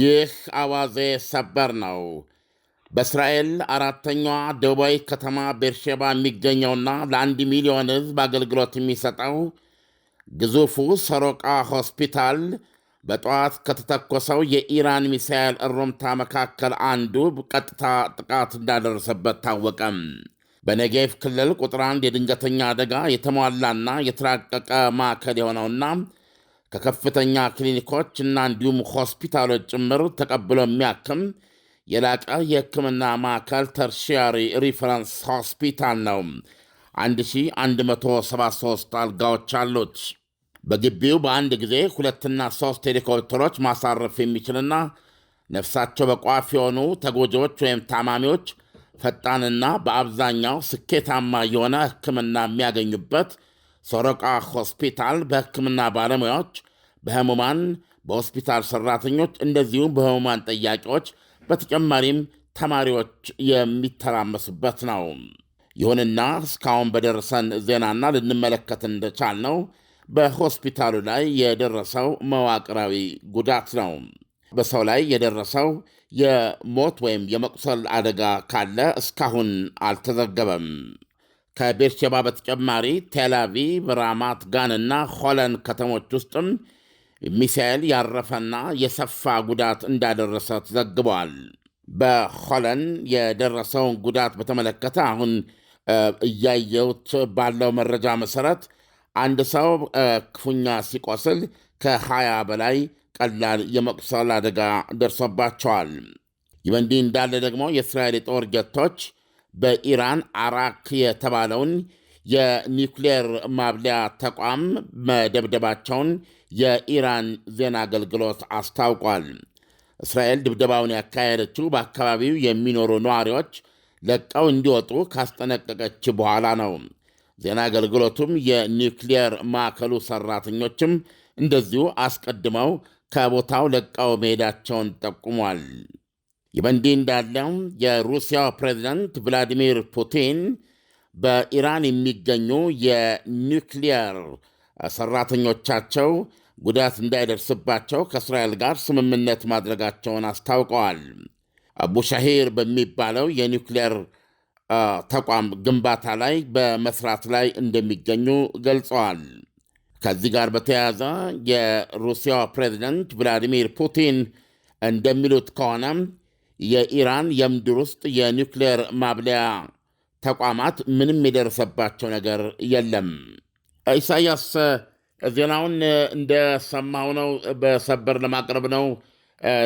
ይህ አዋዜ ሰበር ነው። በእስራኤል አራተኛዋ ደቡባዊ ከተማ ቤርሼባ የሚገኘውና ለአንድ ሚሊዮን ሕዝብ አገልግሎት የሚሰጠው ግዙፉ ሰሮቃ ሆስፒታል በጠዋት ከተተኮሰው የኢራን ሚሳኤል እሩምታ መካከል አንዱ ቀጥታ ጥቃት እንዳደረሰበት ታወቀም። በነጌቭ ክልል ቁጥር አንድ የድንገተኛ አደጋ የተሟላና የተራቀቀ ማዕከል የሆነውና ከከፍተኛ ክሊኒኮች እና እንዲሁም ሆስፒታሎች ጭምር ተቀብሎ የሚያክም የላቀ የሕክምና ማዕከል ተርሺያሪ ሪፈረንስ ሆስፒታል ነው። 1173 አልጋዎች አሉት። በግቢው በአንድ ጊዜ ሁለትና ሶስት ሄሊኮፕተሮች ማሳረፍ የሚችልና ነፍሳቸው በቋፍ የሆኑ ተጎጂዎች ወይም ታማሚዎች ፈጣንና በአብዛኛው ስኬታማ የሆነ ሕክምና የሚያገኙበት ሰረቃ ሆስፒታል በሕክምና ባለሙያዎች፣ በህሙማን፣ በሆስፒታል ሠራተኞች እንደዚሁም በህሙማን ጠያቂዎች በተጨማሪም ተማሪዎች የሚተራመሱበት ነው። ይሁንና እስካሁን በደረሰን ዜናና ልንመለከት ነው በሆስፒታሉ ላይ የደረሰው መዋቅራዊ ጉዳት ነው። በሰው ላይ የደረሰው የሞት ወይም የመቁሰል አደጋ ካለ እስካሁን አልተዘገበም። ከቤርሼባ በተጨማሪ ቴላቪቭ፣ ራማት እና ሆለን ከተሞች ውስጥም ሚሳኤል ያረፈና የሰፋ ጉዳት እንዳደረሰ ተዘግበዋል። በሆለን የደረሰውን ጉዳት በተመለከተ አሁን እያየሁት ባለው መረጃ መሰረት አንድ ሰው ክፉኛ ሲቆስል ከ20 በላይ ቀላል የመቁሰል አደጋ ደርሶባቸዋል። ይህ በእንዲህ እንዳለ ደግሞ የእስራኤል የጦር ጀቶች በኢራን አራክ የተባለውን የኒውክሌር ማብለያ ተቋም መደብደባቸውን የኢራን ዜና አገልግሎት አስታውቋል። እስራኤል ድብደባውን ያካሄደችው በአካባቢው የሚኖሩ ነዋሪዎች ለቀው እንዲወጡ ካስጠነቀቀች በኋላ ነው። ዜና አገልግሎቱም የኒውክሌር ማዕከሉ ሰራተኞችም እንደዚሁ አስቀድመው ከቦታው ለቀው መሄዳቸውን ጠቁሟል። ይህ በእንዲህ እንዳለው የሩሲያው ፕሬዚደንት ቭላዲሚር ፑቲን በኢራን የሚገኙ የኒውክሊየር ሰራተኞቻቸው ጉዳት እንዳይደርስባቸው ከእስራኤል ጋር ስምምነት ማድረጋቸውን አስታውቀዋል። አቡሻሂር በሚባለው የኒውክሊየር ተቋም ግንባታ ላይ በመስራት ላይ እንደሚገኙ ገልጸዋል። ከዚህ ጋር በተያያዘ የሩሲያ ፕሬዚደንት ቭላዲሚር ፑቲን እንደሚሉት ከሆነ የኢራን የምድር ውስጥ የኒውክሌር ማብለያ ተቋማት ምንም የደረሰባቸው ነገር የለም። ኢሳያስ፣ ዜናውን እንደሰማው ነው በሰበር ለማቅረብ ነው።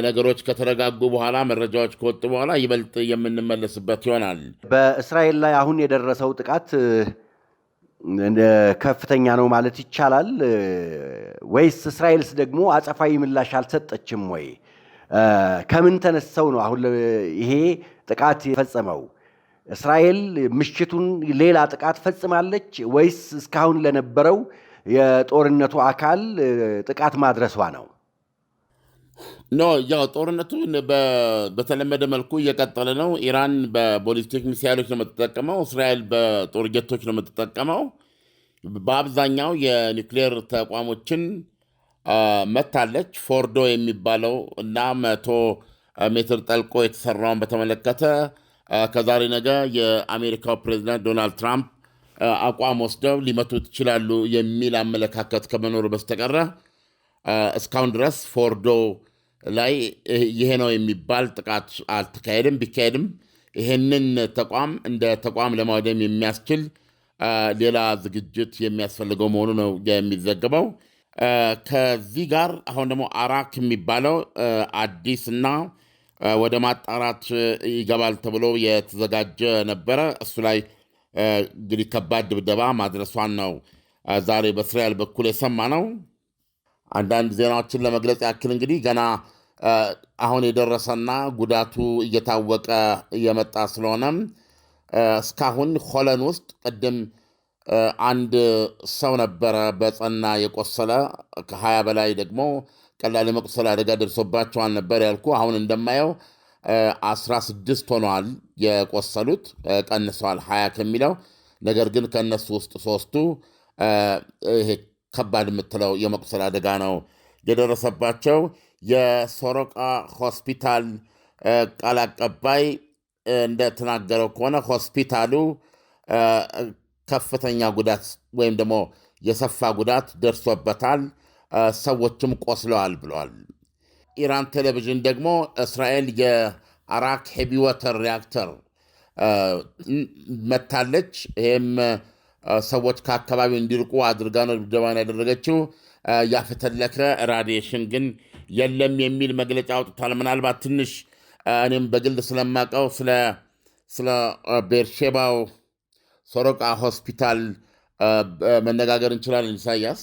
ነገሮች ከተረጋጉ በኋላ መረጃዎች ከወጡ በኋላ ይበልጥ የምንመለስበት ይሆናል። በእስራኤል ላይ አሁን የደረሰው ጥቃት ከፍተኛ ነው ማለት ይቻላል ወይስ እስራኤልስ ደግሞ አጸፋዊ ምላሽ አልሰጠችም ወይ? ከምን ተነሰው ነው አሁን ይሄ ጥቃት የፈጸመው? እስራኤል ምሽቱን ሌላ ጥቃት ፈጽማለች ወይስ እስካሁን ለነበረው የጦርነቱ አካል ጥቃት ማድረሷ ነው? ኖ ያው ጦርነቱ በተለመደ መልኩ እየቀጠለ ነው። ኢራን በቦሊስቲክ ሚሳይሎች ነው የምትጠቀመው። እስራኤል በጦር ጀቶች ነው የምትጠቀመው። በአብዛኛው የኒውክሌር ተቋሞችን መታለች። ፎርዶ የሚባለው እና መቶ ሜትር ጠልቆ የተሰራውን በተመለከተ ከዛሬ ነገ የአሜሪካው ፕሬዚዳንት ዶናልድ ትራምፕ አቋም ወስደው ሊመቱት ይችላሉ የሚል አመለካከት ከመኖሩ በስተቀረ እስካሁን ድረስ ፎርዶ ላይ ይሄ ነው የሚባል ጥቃት አልተካሄድም። ቢካሄድም ይሄንን ተቋም እንደ ተቋም ለማውደም የሚያስችል ሌላ ዝግጅት የሚያስፈልገው መሆኑ ነው የሚዘግበው። ከዚህ ጋር አሁን ደግሞ አራክ የሚባለው አዲስ እና ወደ ማጣራት ይገባል ተብሎ የተዘጋጀ ነበረ። እሱ ላይ እንግዲህ ከባድ ድብደባ ማድረሷን ነው ዛሬ በእስራኤል በኩል የሰማ ነው። አንዳንድ ዜናዎችን ለመግለጽ ያክል እንግዲህ ገና አሁን የደረሰና ጉዳቱ እየታወቀ እየመጣ ስለሆነም እስካሁን ሆለን ውስጥ ቅድም አንድ ሰው ነበረ በጸና የቆሰለ ከሀያ በላይ ደግሞ ቀላል የመቁሰል አደጋ ደርሶባቸዋል ነበር ያልኩ። አሁን እንደማየው አስራ ስድስት ሆነዋል የቆሰሉት ቀንሰዋል ሀያ ከሚለው ነገር ግን ከእነሱ ውስጥ ሶስቱ ከባድ የምትለው የመቁሰል አደጋ ነው የደረሰባቸው። የሶሮቃ ሆስፒታል ቃል አቀባይ እንደተናገረው ከሆነ ሆስፒታሉ ከፍተኛ ጉዳት ወይም ደግሞ የሰፋ ጉዳት ደርሶበታል፣ ሰዎችም ቆስለዋል ብለዋል። ኢራን ቴሌቪዥን ደግሞ እስራኤል የአራክ ሄቢወተር ሪያክተር መታለች ይህም ሰዎች ከአካባቢው እንዲርቁ አድርጋ ነው ድብደባን ያደረገችው። ያፈተለከ ራዲሽን ግን የለም የሚል መግለጫ አውጥቷል። ምናልባት ትንሽ እኔም በግል ስለማውቀው ስለ ቤርሼባው ሶሮቃ ሆስፒታል መነጋገር እንችላለን። ኢሳያስ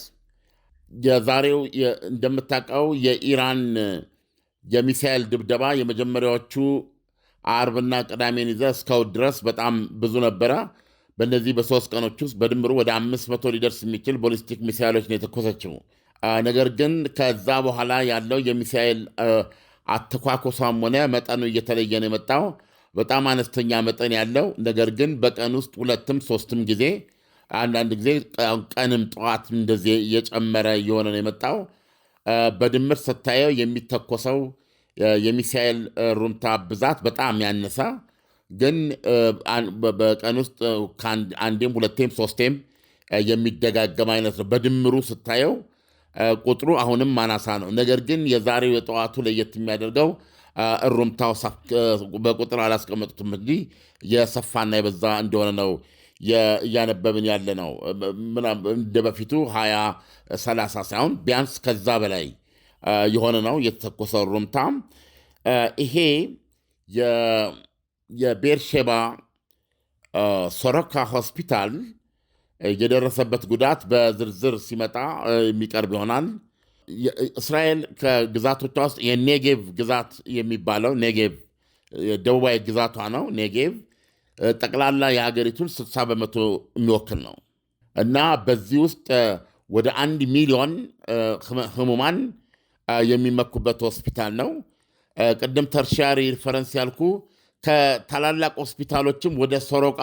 የዛሬው እንደምታውቀው የኢራን የሚሳኤል ድብደባ የመጀመሪያዎቹ አርብና ቅዳሜን ይዘ እስከው ድረስ በጣም ብዙ ነበረ። በእነዚህ በሶስት ቀኖች ውስጥ በድምሩ ወደ አምስት መቶ ሊደርስ የሚችል ቦሊስቲክ ሚሳይሎች ነው የተኮሰችው። ነገር ግን ከዛ በኋላ ያለው የሚሳይል አተኳኮሷም ሆነ መጠኑ እየተለየ ነው የመጣው። በጣም አነስተኛ መጠን ያለው ነገር ግን በቀን ውስጥ ሁለትም ሶስትም ጊዜ አንዳንድ ጊዜ ቀንም ጠዋት እንደዚህ እየጨመረ እየሆነ ነው የመጣው። በድምር ስታየው የሚተኮሰው የሚሳይል ሩምታ ብዛት በጣም ያነሳ ግን በቀን ውስጥ አንዴም ሁለቴም ሶስቴም የሚደጋገም አይነት ነው። በድምሩ ስታየው ቁጥሩ አሁንም አናሳ ነው። ነገር ግን የዛሬው የጠዋቱ ለየት የሚያደርገው እሩምታው በቁጥር አላስቀመጡትም እንጂ የሰፋና የበዛ እንደሆነ ነው እያነበብን ያለ ነው። እንደ በፊቱ ሀያ ሰላሳ ሳይሆን ቢያንስ ከዛ በላይ የሆነ ነው የተተኮሰው እሩምታ ይሄ የቤርሼባ ሶሮካ ሆስፒታል የደረሰበት ጉዳት በዝርዝር ሲመጣ የሚቀርብ ይሆናል። እስራኤል ከግዛቶቿ ውስጥ የኔጌቭ ግዛት የሚባለው ኔጌቭ ደቡባዊ ግዛቷ ነው። ኔጌቭ ጠቅላላ የሀገሪቱን 60 በመቶ የሚወክል ነው እና በዚህ ውስጥ ወደ አንድ ሚሊዮን ህሙማን የሚመኩበት ሆስፒታል ነው። ቅድም ተርሻሪ ሪፈረንስ ያልኩ ከታላላቅ ሆስፒታሎችም ወደ ሶሮቃ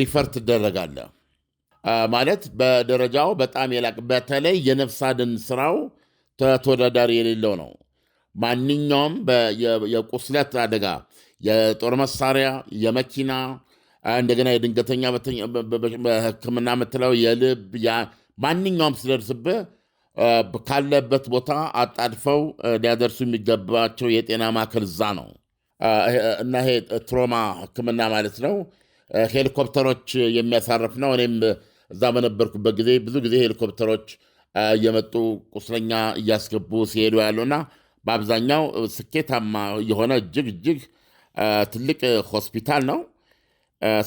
ሪፈር ትደረጋለ። ማለት በደረጃው በጣም የላቅ በተለይ የነፍስ አድን ስራው ተወዳዳሪ የሌለው ነው። ማንኛውም የቁስለት አደጋ፣ የጦር መሳሪያ፣ የመኪና እንደገና የድንገተኛ በሕክምና የምትለው የልብ ማንኛውም ሲደርስብህ ካለበት ቦታ አጣድፈው ሊያደርሱ የሚገባቸው የጤና ማዕከል እዛ ነው። እና ይሄ ትሮማ ህክምና ማለት ነው። ሄሊኮፕተሮች የሚያሳርፍ ነው። እኔም እዛ በነበርኩበት ጊዜ ብዙ ጊዜ ሄሊኮፕተሮች እየመጡ ቁስለኛ እያስገቡ ሲሄዱ ያሉና በአብዛኛው ስኬታማ የሆነ እጅግ እጅግ ትልቅ ሆስፒታል ነው።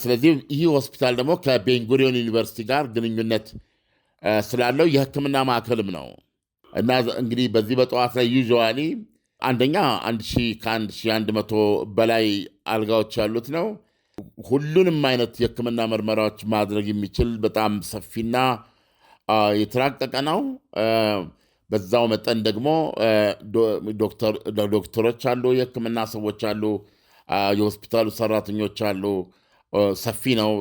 ስለዚህ ይህ ሆስፒታል ደግሞ ከቤንጉሪዮን ዩኒቨርሲቲ ጋር ግንኙነት ስላለው የህክምና ማዕከልም ነው እና እንግዲህ በዚህ በጠዋት ላይ ዩዥዋሊ አንደኛ አንድ ሺ ከአንድ ሺ አንድ መቶ በላይ አልጋዎች ያሉት ነው። ሁሉንም አይነት የህክምና ምርመራዎች ማድረግ የሚችል በጣም ሰፊና የተራቀቀ ነው። በዛው መጠን ደግሞ ዶክተሮች አሉ፣ የህክምና ሰዎች አሉ፣ የሆስፒታሉ ሰራተኞች አሉ። ሰፊ ነው።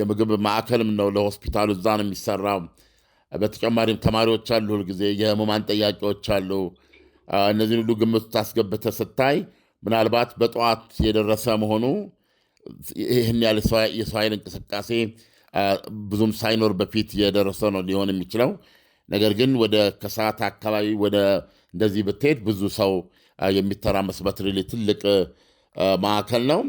የምግብ ማዕከልም ነው ለሆስፒታሉ እዛ ነው የሚሰራው። በተጨማሪም ተማሪዎች አሉ፣ ሁልጊዜ የህሙማን ጥያቄዎች አሉ። እነዚህን ሁሉ ግምት ታስገብተህ ስታይ ምናልባት በጠዋት የደረሰ መሆኑ ይህን ያህል የሰው ኃይል እንቅስቃሴ ብዙም ሳይኖር በፊት የደረሰ ነው ሊሆን የሚችለው። ነገር ግን ወደ ከሰዓት አካባቢ ወደ እንደዚህ ብትሄድ ብዙ ሰው የሚተራመስበት ሪሊ ትልቅ ማዕከል ነው።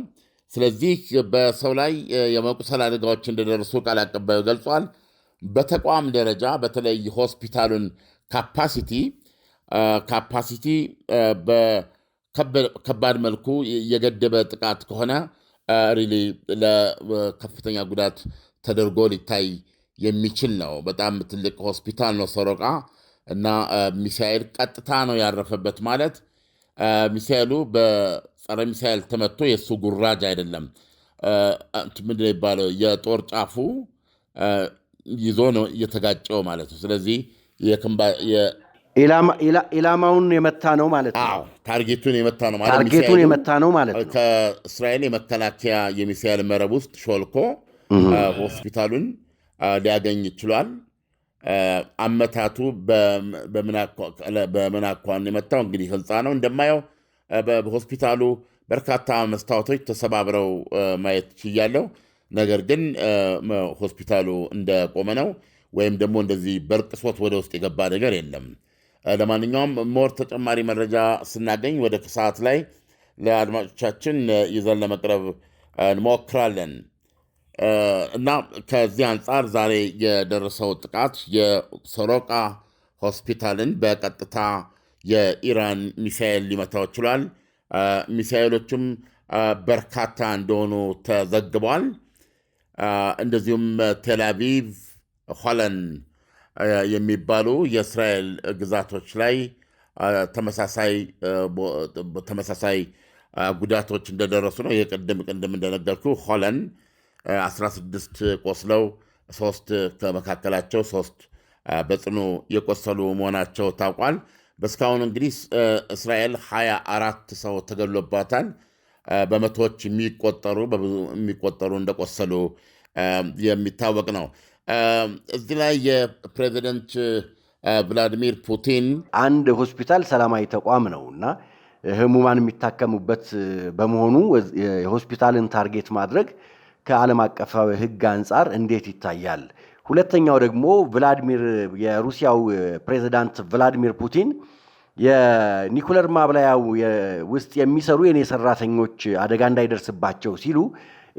ስለዚህ በሰው ላይ የመቁሰል አደጋዎች እንደደረሱ ቃል አቀባዩ ገልጿል። በተቋም ደረጃ በተለይ ሆስፒታሉን ካፓሲቲ ካፓሲቲ በከባድ መልኩ የገደበ ጥቃት ከሆነ ሪሊ ለከፍተኛ ጉዳት ተደርጎ ሊታይ የሚችል ነው። በጣም ትልቅ ሆስፒታል ነው ሰሮቃ እና ሚሳኤል ቀጥታ ነው ያረፈበት ማለት ሚሳኤሉ በጸረ ሚሳኤል ተመቶ የእሱ ጉራጅ አይደለም ምንድን ነው የሚባለው የጦር ጫፉ ይዞ ነው እየተጋጨው ማለት ነው። ስለዚህ ኢላማውን የመታ ነው ማለት ነው። ታርጌቱን የመታ ነው ማለት ታርጌቱን የመታ ነው ማለት ነው። ከእስራኤል የመከላከያ የሚሳኤል መረብ ውስጥ ሾልኮ ሆስፒታሉን ሊያገኝ ችሏል። አመታቱ በምናኳን የመታው እንግዲህ ህንፃ ነው እንደማየው በሆስፒታሉ በርካታ መስታወቶች ተሰባብረው ማየት ችያለው። ነገር ግን ሆስፒታሉ እንደቆመ ነው፣ ወይም ደግሞ እንደዚህ በርቅሶት ወደ ውስጥ የገባ ነገር የለም። ለማንኛውም ሞር ተጨማሪ መረጃ ስናገኝ ወደ ሰዓት ላይ ለአድማጮቻችን ይዘን ለመቅረብ እንሞክራለን እና ከዚህ አንጻር ዛሬ የደረሰው ጥቃት የሶሮቃ ሆስፒታልን በቀጥታ የኢራን ሚሳኤል ሊመታው ችሏል። ሚሳኤሎቹም በርካታ እንደሆኑ ተዘግቧል። እንደዚሁም ቴላቪቭ ሆለን የሚባሉ የእስራኤል ግዛቶች ላይ ተመሳሳይ ጉዳቶች እንደደረሱ ነው። የቅድም ቅድም እንደነገርኩ ሆለን 16 ቆስለው ሶስት ከመካከላቸው ሶስት በጽኑ የቆሰሉ መሆናቸው ታውቋል። በእስካሁን እንግዲህ እስራኤል 24 ሰው ተገሎባታል። በመቶዎች የሚቆጠሩ በብዙ የሚቆጠሩ እንደቆሰሉ የሚታወቅ ነው። እዚህ ላይ የፕሬዚደንት ቭላዲሚር ፑቲን አንድ ሆስፒታል ሰላማዊ ተቋም ነው እና ህሙማን የሚታከሙበት በመሆኑ የሆስፒታልን ታርጌት ማድረግ ከዓለም አቀፋዊ ሕግ አንጻር እንዴት ይታያል? ሁለተኛው ደግሞ ቭላዲሚር የሩሲያው ፕሬዚዳንት ቭላዲሚር ፑቲን የኒኩለር ማብላያው ውስጥ የሚሰሩ የኔ ሰራተኞች አደጋ እንዳይደርስባቸው ሲሉ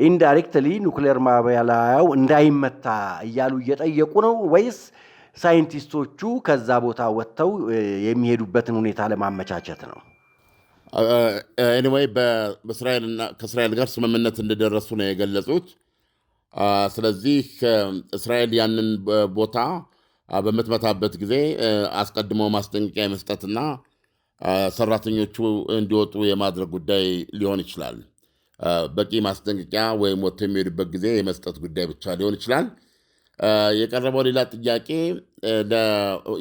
ኢንዳይሬክትሊ ኒኩሌር ማብላያው እንዳይመታ እያሉ እየጠየቁ ነው ወይስ ሳይንቲስቶቹ ከዛ ቦታ ወጥተው የሚሄዱበትን ሁኔታ ለማመቻቸት ነው? ኤኒዌይ ከእስራኤል ጋር ስምምነት እንደደረሱ ነው የገለጹት። ስለዚህ እስራኤል ያንን ቦታ በምትመታበት ጊዜ አስቀድሞ ማስጠንቀቂያ የመስጠትና ሰራተኞቹ እንዲወጡ የማድረግ ጉዳይ ሊሆን ይችላል። በቂ ማስጠንቀቂያ ወይም ወጥቶ የሚሄዱበት ጊዜ የመስጠት ጉዳይ ብቻ ሊሆን ይችላል። የቀረበው ሌላ ጥያቄ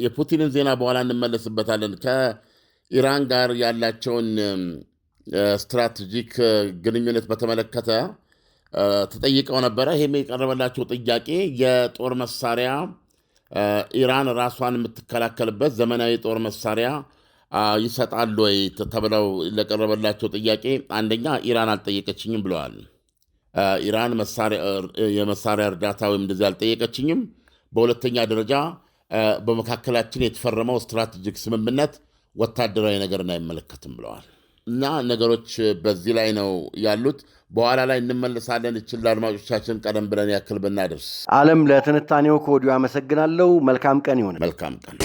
የፑቲንን ዜና በኋላ እንመለስበታለን። ከኢራን ጋር ያላቸውን ስትራቴጂክ ግንኙነት በተመለከተ ተጠይቀው ነበረ። ይህም የቀረበላቸው ጥያቄ የጦር መሳሪያ ኢራን ራሷን የምትከላከልበት ዘመናዊ ጦር መሳሪያ ይሰጣሉ ወይ ተብለው ለቀረበላቸው ጥያቄ አንደኛ ኢራን አልጠየቀችኝም ብለዋል። ኢራን የመሳሪያ እርዳታ ወይም እንደዚህ አልጠየቀችኝም። በሁለተኛ ደረጃ በመካከላችን የተፈረመው ስትራቴጂክ ስምምነት ወታደራዊ ነገርን አይመለከትም ብለዋል። እና ነገሮች በዚህ ላይ ነው ያሉት። በኋላ ላይ እንመለሳለን። እችል ለአድማጮቻችን ቀደም ብለን ያክል ብናደርስ አለም ለትንታኔው ከወዲሁ አመሰግናለሁ። መልካም ቀን ይሆነ። መልካም ቀን